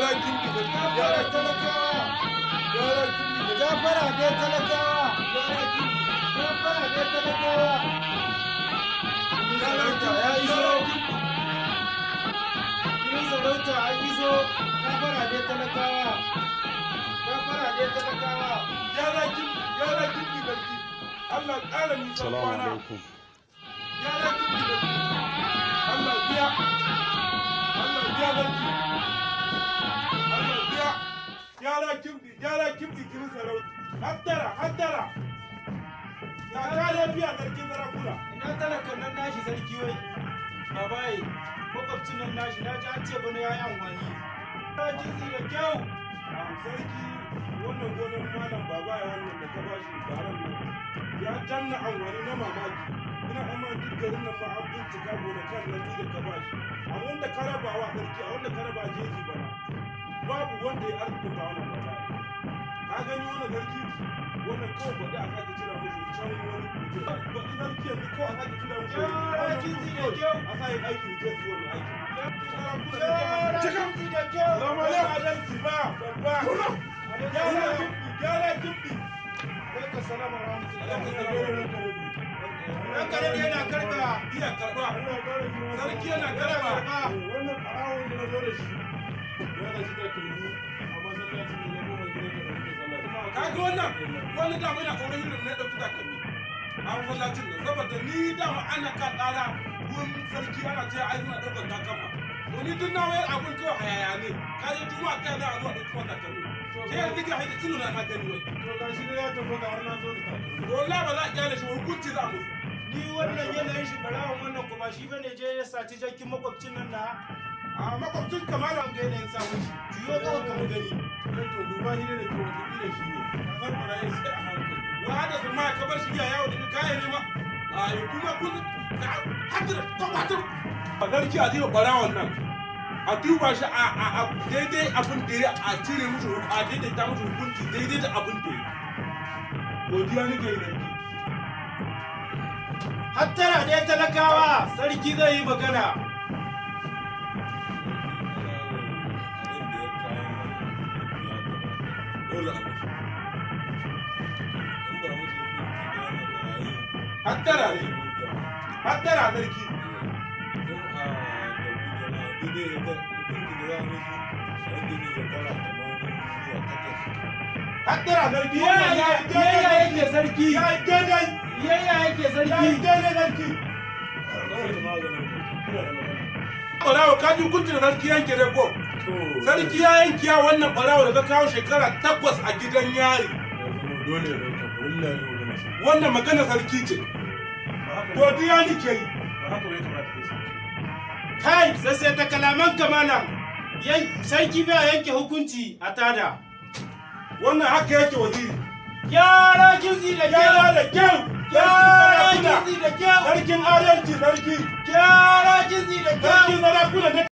gyaran kinki da gyaran talakawa gyaran da gafara ga talakawa gyaran kinki talakawa ya iso iso talakawa talakawa da Allah ƙara kwana da Allah biya Haddara, haddara! na ka lafiya sarkin sarakuna ina talakan nan nashi sarki wai babaye makwabcin nan nashi na ji an ce bana yi amfani ta jinsi da kyau sarki wannan gonar malam babaye wannan da ka bashi baran nan ya janna amfani na mamaki ina amma duk garin nan ba an bincika gonakan nan ni da ka bashi a wanda ka rabawa sarki a wanda ka raba jeji ba. babu wanda ya arzuta wannan mata ka gani wani sarki wannan kawai baɗi a sake cira mushi can wani kuke baɗi ko a sake cira mushi sarkin da kyau a sa yin aiki rike su wani aiki da kyau zama ya ba babba gyara kimbi gyara kimbi barka salama ɗan karen yana karɓa iya karɓa sarki yana karɓa wannan ɓarawon da na zo shi ya da da ka ga wannan wani hirin na ɗauki takalmi a masallacin nan saboda ni da ana ka tsara gun sarki ana ce ai suna ɗaukar takalma wani duk na wayar abun kawai hayaya ne ka je kai na a zuwa ɗauki takalmi ke yanzu ga haita kilo na na gani wai to ga shi ne ya tafi ga har na zo da takalmi wallahi ba za a kyale shi hukunci za a musu ni wannan yanayin shi barawan wannan kuma shi bane je ya saci jakin makwabcin nan na a makwabcin kamala ga yanayin samun shi juyo kawai kamar gani don to duba shi ne da kyau wata kila shi ne kafar fara ya sai a hankali wa da su ma ka bar shi ya yawo da kayan ma a yi kuma kun hadira tabbatar a garki a jiwa barawan nan a duba shi a daidai abin da ya a cire musu a daidai ta mushi hukunci daidai da abin da ya godiya nake yi da hattara ne talakawa sarki zai yi magana dole a mutu in ba mutu hattara ne hattara sarki ah, a da gudu da ta hukunci da a mutu shi ne da kara kamar hattara ko? sarki ya yanki ya wannan barawa da ka kawo shekara takwas a gidan yari wannan magana sarki ce godiya nike yi kai sai ta kalaman kamala sarki ba yanke hukunci a tada wannan haka yake waziri gyara kinzi da gyara da kyau gyara kinzi da kyau sarkin adalci sarki gyara kinzi da kyau sarkin sarakuna